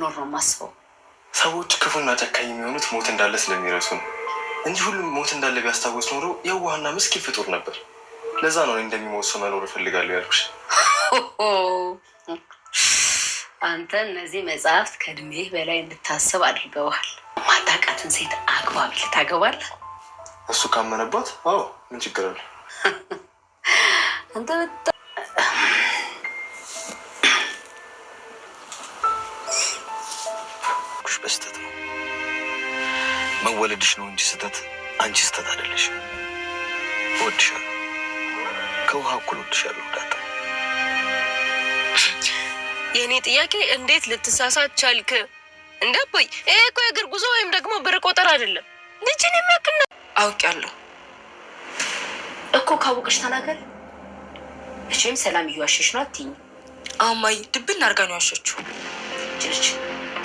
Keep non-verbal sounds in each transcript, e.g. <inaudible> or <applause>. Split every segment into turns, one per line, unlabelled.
እንደምኖር ነው የማስበው። ሰዎች ክፉና ጨካኝ የሚሆኑት ሞት እንዳለ ስለሚረሱ ነው እንጂ ሁሉም ሞት እንዳለ ቢያስታውስ ኖሮ የዋህና ምስኪን ፍጡር ነበር። ለዛ ነው እንደሚሞት ሰው መኖር እፈልጋለሁ ያልኩሽ። <laughs> አንተ እነዚህ መጽሐፍት ከእድሜህ በላይ እንድታስብ አድርገዋል። ማታውቃትን ሴት አግባብ ልታገባለ? እሱ ካመነባት፣ አዎ ምን ችግር አለ? <laughs> አንተ መወለድሽ ነው እንጂ ስህተት አንቺ ስህተት አይደለሽ። እወድሻለሁ፣ ከውሃ እኩል እወድሻለሁ። ዳጣ፣ የእኔ ጥያቄ እንዴት ልትሳሳት ቻልክ? እንደ ቦይ ይሄ እኮ የእግር ጉዞ ወይም ደግሞ ብር ቆጠር አይደለም። ልጅን የሚያክል አውቄያለሁ እኮ ካወቅሽ ተናገር። እሺም ሰላም እየዋሸሽ ነው አትይኝ። አማይ ማይ ድብን አድርጋ ነው ያሸችው ልጅ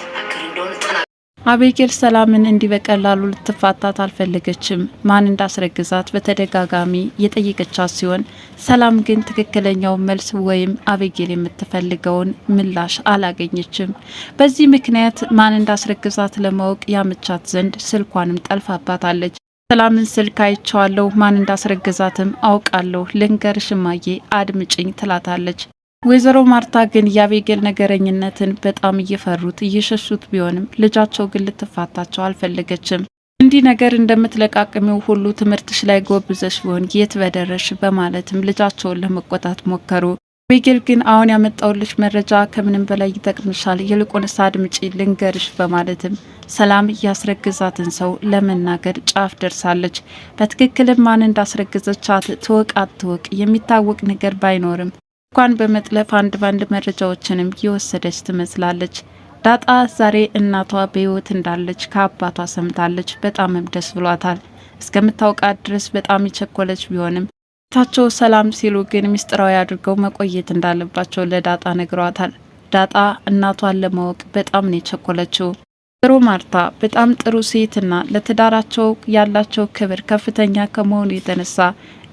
ተናገር እንደሆነ ጠና አቤጌል ሰላምን እንዲህ በቀላሉ ልትፋታት አልፈለገችም። ማን እንዳስረግዛት በተደጋጋሚ የጠየቀቻት ሲሆን ሰላም ግን ትክክለኛው መልስ ወይም አቤጌል የምትፈልገውን ምላሽ አላገኘችም። በዚህ ምክንያት ማን እንዳስረግዛት ለማወቅ ያመቻት ዘንድ ስልኳንም ጠልፋባታለች። ሰላምን ስልክ አይቸዋለሁ፣ ማን እንዳስረግዛትም አውቃለሁ፣ ልንገር ሽማዬ፣ አድምጭኝ ትላታለች። ወይዘሮ ማርታ ግን የአቤጌል ነገረኝነትን በጣም እየፈሩት እየሸሹት ቢሆንም ልጃቸው ግን ልትፋታቸው አልፈለገችም። እንዲህ ነገር እንደምትለቃቅሚው ሁሉ ትምህርትሽ ላይ ጎብዘሽ ቢሆን የት በደረሽ በማለትም ልጃቸውን ለመቆጣት ሞከሩ። አቤጌል ግን አሁን ያመጣውልሽ መረጃ ከምንም በላይ ይጠቅምሻል፣ ይልቁንስ አድምጪ ልንገርሽ በማለትም ሰላም እያስረግዛትን ሰው ለመናገር ጫፍ ደርሳለች። በትክክልም ማን እንዳስረግዘቻት ትወቅ አትወቅ የሚታወቅ ነገር ባይኖርም እንኳን በመጥለፍ አንድ ባንድ መረጃዎችንም የወሰደች ትመስላለች። ዳጣ ዛሬ እናቷ በህይወት እንዳለች ከአባቷ ሰምታለች። በጣምም ደስ ብሏታል። እስከምታውቃት ድረስ በጣም የቸኮለች ቢሆንም ታቸው ሰላም ሲሉ ግን ምስጥራዊ አድርገው መቆየት እንዳለባቸው ለዳጣ ነግረዋታል። ዳጣ እናቷን ለማወቅ በጣም ነው የቸኮለችው። ጥሩ ማርታ በጣም ጥሩ ሴትና ለትዳራቸው ያላቸው ክብር ከፍተኛ ከመሆኑ የተነሳ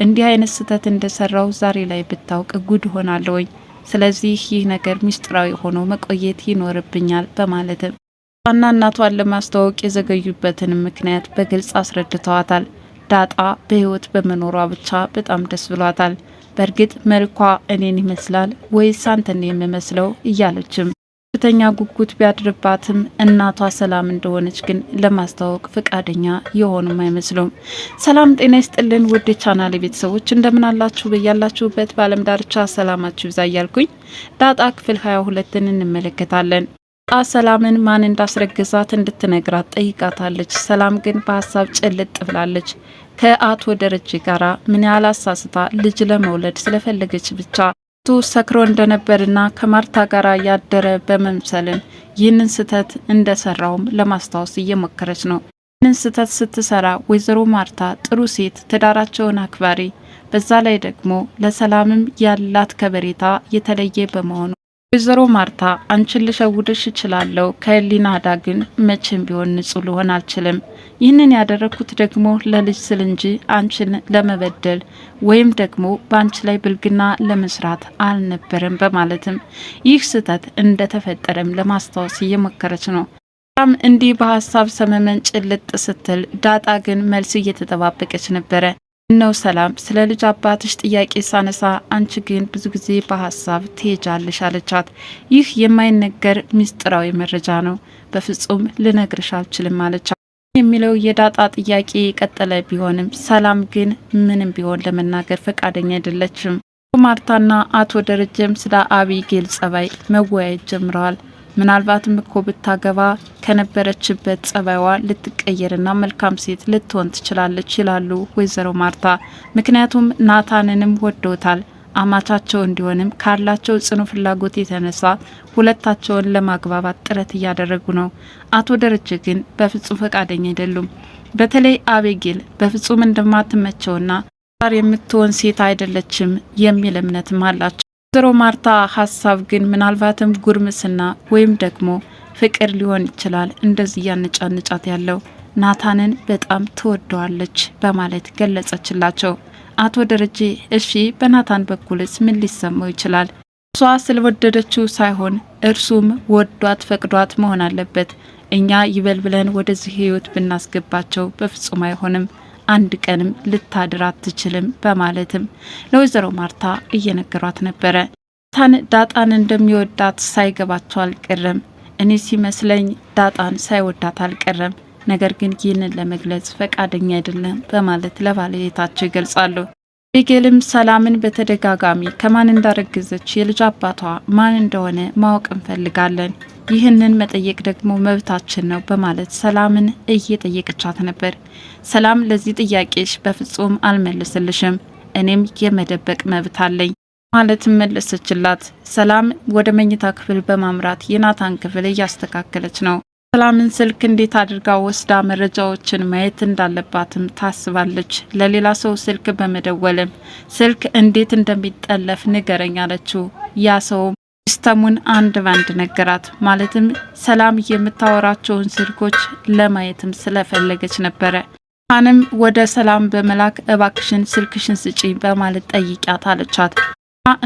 እንዲህ አይነት ስህተት እንደሰራው ዛሬ ላይ ብታውቅ ጉድ ሆናለውኝ። ስለዚህ ይህ ነገር ምስጢራዊ ሆኖ መቆየት ይኖርብኛል በማለትም ዋና እናቷን ለማስተዋወቅ የዘገዩበትን ምክንያት በግልጽ አስረድተዋታል። ዳጣ በህይወት በመኖሯ ብቻ በጣም ደስ ብሏታል። በእርግጥ መልኳ እኔን ይመስላል ወይስ አንተን የምመስለው እያለችም ከፍተኛ ጉጉት ቢያድርባትም እናቷ ሰላም እንደሆነች ግን ለማስተዋወቅ ፈቃደኛ የሆኑም አይመስሉም። ሰላም ጤና ይስጥልን ውድ ቻናል ቤተሰቦች እንደምን አላችሁ? በያላችሁበት በዓለም ዳርቻ ሰላማችሁ ይብዛ እያልኩኝ ዳጣ ክፍል 22ን እንመለከታለን። ዳጣ ሰላምን ማን እንዳስረግዛት እንድትነግራት ጠይቃታለች። ሰላም ግን በሀሳብ ጭልጥ ብላለች። ከአቶ ደረጀ ጋራ ምን ያህል አሳስታ ልጅ ለመውለድ ስለፈለገች ብቻ ቱ ሰክሮ እንደነበርና ከማርታ ጋር ያደረ በመምሰልም ይህንን ስህተት እንደሰራውም ለማስታወስ እየሞከረች ነው። ይህንን ስህተት ስትሰራ ወይዘሮ ማርታ ጥሩ ሴት፣ ትዳራቸውን አክባሪ፣ በዛ ላይ ደግሞ ለሰላምም ያላት ከበሬታ የተለየ በመሆኑ ወይዘሮ ማርታ አንቺን ልሸውድሽ እችላለሁ፣ ከህሊና አዳ ግን መቼም ቢሆን ንጹህ ልሆን አልችልም ይህንን ያደረግኩት ደግሞ ለልጅ ስል እንጂ አንቺን ለመበደል ወይም ደግሞ በአንቺ ላይ ብልግና ለመስራት አልነበረም በማለትም ይህ ስህተት እንደተፈጠረም ለማስታወስ እየሞከረች ነው። በጣም እንዲህ በሀሳብ ሰመመን ጭልጥ ስትል ዳጣ ግን መልስ እየተጠባበቀች ነበረ። እነው ሰላም ስለ ልጅ አባትሽ ጥያቄ ሳነሳ አንቺ ግን ብዙ ጊዜ በሀሳብ ትሄጃለሽ አለቻት። ይህ የማይነገር ምስጢራዊ መረጃ ነው፣ በፍጹም ልነግርሽ አልችልም አለቻት። የሚለው የዳጣ ጥያቄ የቀጠለ ቢሆንም ሰላም ግን ምንም ቢሆን ለመናገር ፈቃደኛ አይደለችም። ማርታና አቶ ደረጀም ስለ አቢጌል ጸባይ መወያየት ጀምረዋል። ምናልባትም እኮ ብታገባ ከነበረችበት ጸባይዋ ልትቀየርና መልካም ሴት ልትሆን ትችላለች ይላሉ ወይዘሮ ማርታ። ምክንያቱም ናታንንም ወደውታል። አማቻቸው እንዲሆንም ካላቸው ጽኑ ፍላጎት የተነሳ ሁለታቸውን ለማግባባት ጥረት እያደረጉ ነው። አቶ ደረጀ ግን በፍጹም ፈቃደኛ አይደሉም። በተለይ አቤጌል በፍጹም እንደማትመቸውና ጋር የምትሆን ሴት አይደለችም የሚል እምነትም አላቸው። ወይዘሮ ማርታ ሀሳብ ግን ምናልባትም ጉርምስና ወይም ደግሞ ፍቅር ሊሆን ይችላል እንደዚህ እያነጫነጫት ያለው ናታንን በጣም ትወደዋለች በማለት ገለጸችላቸው። አቶ ደረጀ እሺ በናታን በኩልስ ምን ሊሰማው ይችላል? እሷ ስለወደደችው ሳይሆን እርሱም ወዷት ፈቅዷት መሆን አለበት። እኛ ይበል ብለን ወደዚህ ህይወት ብናስገባቸው በፍጹም አይሆንም። አንድ ቀንም ልታድር አትችልም በማለትም ለወይዘሮ ማርታ እየነገሯት ነበረ። ታን ዳጣን እንደሚወዳት ሳይገባቸው አልቀረም። እኔ ሲመስለኝ ዳጣን ሳይወዳት አልቀረም። ነገር ግን ይህንን ለመግለጽ ፈቃደኛ አይደለም በማለት ለባለቤታቸው ይገልጻሉ። ቢጌልም ሰላምን በተደጋጋሚ ከማን እንዳረገዘች የልጅ አባቷ ማን እንደሆነ ማወቅ እንፈልጋለን፣ ይህንን መጠየቅ ደግሞ መብታችን ነው በማለት ሰላምን እየጠየቀቻት ነበር። ሰላም ለዚህ ጥያቄሽ በፍጹም አልመልስልሽም፣ እኔም የመደበቅ መብት አለኝ ማለት መለሰችላት። ሰላም ወደ መኝታ ክፍል በማምራት የናታን ክፍል እያስተካከለች ነው። ሰላምን ስልክ እንዴት አድርጋ ወስዳ መረጃዎችን ማየት እንዳለባትም ታስባለች። ለሌላ ሰው ስልክ በመደወልም ስልክ እንዴት እንደሚጠለፍ ንገረኝ አለችው። ያ ሰውም ሲስተሙን አንድ ባንድ ነገራት። ማለትም ሰላም የምታወራቸውን ስልኮች ለማየትም ስለፈለገች ነበረ። አንም ወደ ሰላም በመላክ እባክሽን ስልክሽን ስጪ በማለት ጠይቂያት አለቻት።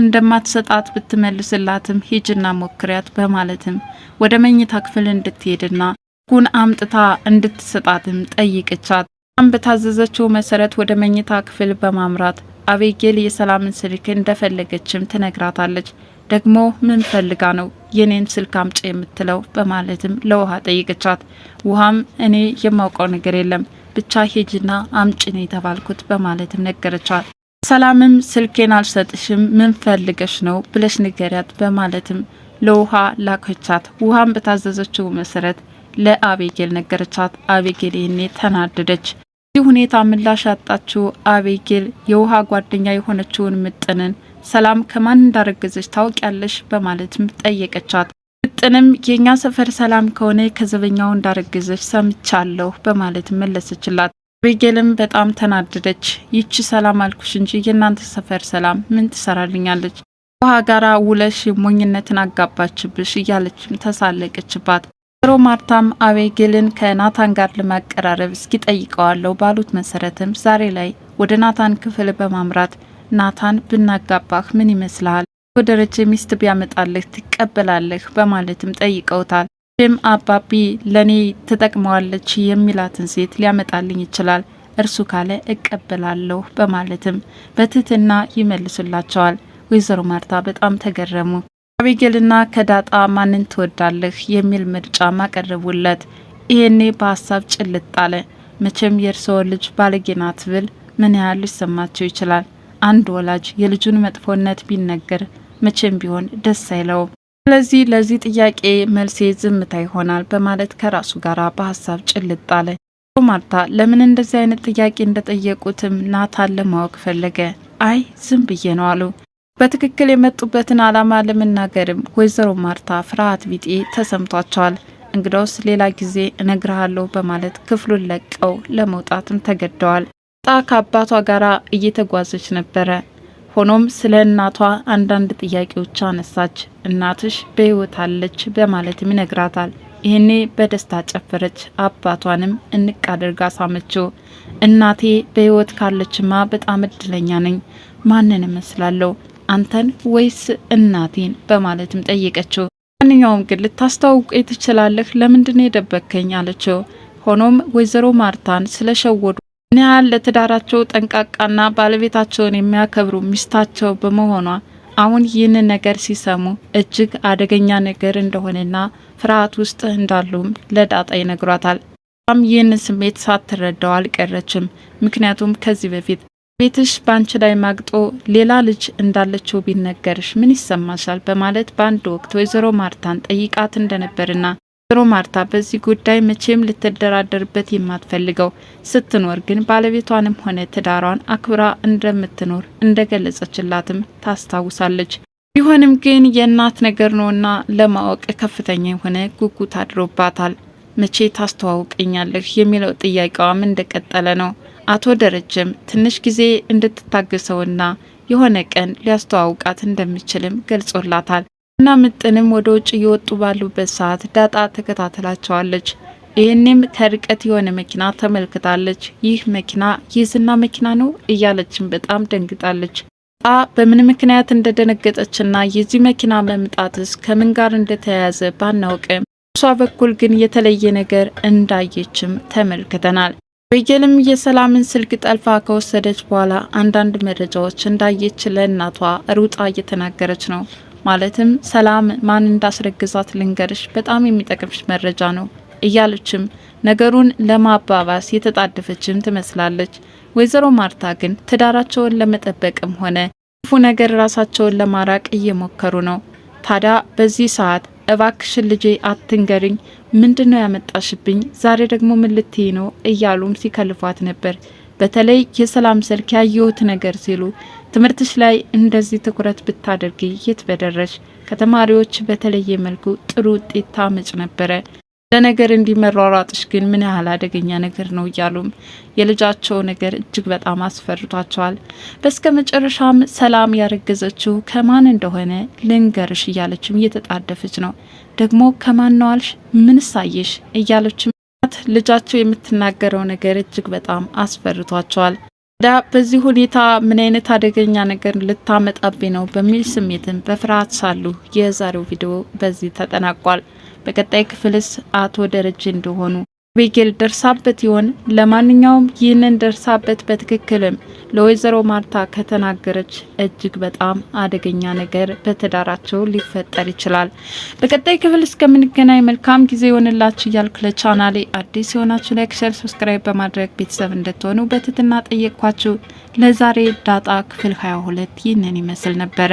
እንደማትሰጣት ብትመልስላትም ሂጅና ሞክሪያት በማለትም ወደ መኝታ ክፍል እንድትሄድና ጉን አምጥታ እንድትሰጣትም ጠይቅቻት ም በታዘዘችው መሰረት ወደ መኝታ ክፍል በማምራት አቤጌል የሰላምን ስልክ እንደፈለገችም ትነግራታለች። ደግሞ ምን ፈልጋ ነው የኔን ስልክ አምጪ የምትለው በማለትም ለውሃ ጠይቅቻት፣ ውሃም እኔ የማውቀው ነገር የለም ብቻ ሄጅና አምጪ ነው የተባልኩት በማለትም ነገረቻት። ሰላምም ስልኬን አልሰጥሽም ምን ፈልገሽ ነው ብለሽ ንገሪያት በማለትም ለውሃ ላከቻት። ውሃም በታዘዘችው መሰረት ለአቤጌል ነገረቻት። አቤጌል ይህኔ ተናደደች። ዚህ ሁኔታ ምላሽ ያጣችው አቤጌል የውሃ ጓደኛ የሆነችውን ምጥንን ሰላም ከማን እንዳረገዘች ታውቂያለሽ? በማለትም ጠየቀቻት። ምጥንም የእኛ ሰፈር ሰላም ከሆነ ከዘበኛው እንዳረገዘች ሰምቻለሁ በማለት መለሰችላት። አቤጌልም በጣም ተናደደች። ይቺ ሰላም አልኩሽ እንጂ የእናንተ ሰፈር ሰላም ምን ትሰራልኛለች? ውሃ ጋራ ውለሽ ሞኝነትን አጋባችብሽ እያለችም ተሳለቀችባት። ሮ ማርታም አቤጌልን ከናታን ጋር ለማቀራረብ እስኪ ጠይቀዋለሁ ባሉት መሰረትም ዛሬ ላይ ወደ ናታን ክፍል በማምራት ናታን ብናጋባህ ምን ይመስልሃል? ወደ ደረጀ ሚስት ቢያመጣልህ ትቀበላለህ? በማለትም ጠይቀውታል። ሽም አባቢ ለእኔ ትጠቅመዋለች የሚላትን ሴት ሊያመጣልኝ ይችላል እርሱ ካለ እቀበላለሁ በማለትም በትህትና ይመልሱላቸዋል። ወይዘሮ ማርታ በጣም ተገረሙ። አቤጌልና ከዳጣ ማንን ትወዳለህ የሚል ምርጫ ማቀረቡለት። ይሄኔ በሀሳብ ጭልጥ አለ። መቼም የእርስዎ ልጅ ባለጌና ትብል ምን ያህል ሊሰማቸው ይችላል? አንድ ወላጅ የልጁን መጥፎነት ቢነገር መቼም ቢሆን ደስ አይለውም። ስለዚህ ለዚህ ጥያቄ መልሴ ዝምታ ይሆናል በማለት ከራሱ ጋር በሀሳብ ጭልጥ አለ። ማርታ ለምን እንደዚህ አይነት ጥያቄ እንደጠየቁትም ናታን ለማወቅ ፈለገ። አይ ዝም ብዬ ነው አሉ። በትክክል የመጡበትን ዓላማ ለመናገርም ወይዘሮ ማርታ ፍርሃት ቢጤ ተሰምቷቸዋል። እንግዳውስ ሌላ ጊዜ እነግርሃለሁ በማለት ክፍሉን ለቀው ለመውጣትም ተገደዋል። ጣ ከአባቷ ጋር እየተጓዘች ነበረ። ሆኖም ስለ እናቷ አንዳንድ ጥያቄዎች አነሳች። እናትሽ በህይወት አለች በማለትም ይነግራታል። ይህኔ በደስታ ጨፈረች። አባቷንም እንቅ አድርጋ ሳመችው። እናቴ በህይወት ካለችማ በጣም እድለኛ ነኝ። ማንን እመስላለሁ? አንተን ወይስ እናቴን? በማለትም ጠየቀችው። ማንኛውም ግን ልታስተዋውቅ ትችላለህ፣ ለምንድን የደበከኝ አለችው። ሆኖም ወይዘሮ ማርታን ስለሸወዱ ያህል ለትዳራቸው ጠንቃቃና ባለቤታቸውን የሚያከብሩ ሚስታቸው በመሆኗ አሁን ይህን ነገር ሲሰሙ እጅግ አደገኛ ነገር እንደሆነና ፍርሃት ውስጥ እንዳሉም ለዳጣ ይነግሯታል። ም ይህን ስሜት ሳትረዳው አልቀረችም። ምክንያቱም ከዚህ በፊት ቤትሽ በአንቺ ላይ ማግጦ ሌላ ልጅ እንዳለችው ቢነገርሽ ምን ይሰማሻል? በማለት በአንድ ወቅት ወይዘሮ ማርታን ጠይቃት እንደነበርና ወይዘሮ ማርታ በዚህ ጉዳይ መቼም ልትደራደርበት የማትፈልገው ስትኖር ግን ባለቤቷንም ሆነ ትዳሯን አክብራ እንደምትኖር እንደገለጸችላትም ታስታውሳለች። ቢሆንም ግን የእናት ነገር ነውና ለማወቅ ከፍተኛ የሆነ ጉጉት አድሮባታል። መቼ ታስተዋውቀኛለህ የሚለው ጥያቄዋም እንደቀጠለ ነው። አቶ ደረጀም ትንሽ ጊዜ እንድትታገሰውና የሆነ ቀን ሊያስተዋውቃት እንደሚችልም ገልጾላታል። እና ምጥንም ወደ ውጭ እየወጡ ባሉበት ሰዓት ዳጣ ተከታተላቸዋለች። ይህንም ከርቀት የሆነ መኪና ተመልክታለች። ይህ መኪና የዝና መኪና ነው እያለችን በጣም ደንግጣለች። ጣ በምን ምክንያት እንደደነገጠችና የዚህ መኪና መምጣትስ ከምን ጋር እንደተያያዘ ባናውቅም እሷ በኩል ግን የተለየ ነገር እንዳየችም ተመልክተናል። በየልም የሰላምን ስልክ ጠልፋ ከወሰደች በኋላ አንዳንድ መረጃዎች እንዳየች ለእናቷ ሩጣ እየተናገረች ነው። ማለትም ሰላም ማን እንዳስረግዛት ልንገርሽ፣ በጣም የሚጠቅምሽ መረጃ ነው እያለችም ነገሩን ለማባባስ የተጣደፈችም ትመስላለች። ወይዘሮ ማርታ ግን ትዳራቸውን ለመጠበቅም ሆነ ክፉ ነገር ራሳቸውን ለማራቅ እየሞከሩ ነው። ታዲያ በዚህ ሰዓት እባክሽን ልጄ አትንገርኝ፣ ምንድነው ያመጣሽብኝ? ዛሬ ደግሞ ምን ልትይ ነው? እያሉም ሲከልፏት ነበር። በተለይ የሰላም ስልክ ያየሁት ነገር ሲሉ ትምህርትሽ ላይ እንደዚህ ትኩረት ብታደርግ የት በደረሽ። ከተማሪዎች በተለየ መልኩ ጥሩ ውጤት ታመጭ ነበረ። ለነገር እንዲመሯሯጥሽ ግን ምን ያህል አደገኛ ነገር ነው እያሉም የልጃቸው ነገር እጅግ በጣም አስፈርቷቸዋል። በስከ መጨረሻም ሰላም ያረገዘችው ከማን እንደሆነ ልንገርሽ እያለችም እየተጣደፈች ነው። ደግሞ ከማን ነው አልሽ? ምን ሳየሽ? እያለችም ልጃቸው የምትናገረው ነገር እጅግ በጣም አስፈርቷቸዋል። ዳ በዚህ ሁኔታ ምን አይነት አደገኛ ነገር ልታመጣብኝ ነው በሚል ስሜትን በፍርሃት ሳሉ የዛሬው ቪዲዮ በዚህ ተጠናቋል። በቀጣይ ክፍልስ አቶ ደረጀ እንደሆኑ አቤጌል ደርሳበት ይሆን? ለማንኛውም ይህንን ደርሳበት በትክክልም ለወይዘሮ ማርታ ከተናገረች እጅግ በጣም አደገኛ ነገር በትዳራቸው ሊፈጠር ይችላል። በቀጣይ ክፍል እስከምንገናኝ መልካም ጊዜ ይሆንላችሁ እያልኩ ለቻናሌ አዲስ የሆናችሁ ላይክ፣ ሸር፣ ሰብስክራይብ በማድረግ ቤተሰብ እንድትሆኑ በትህትና ጠየቅኳችሁ። ለዛሬ ዳጣ ክፍል 22 ይህንን ይመስል ነበረ።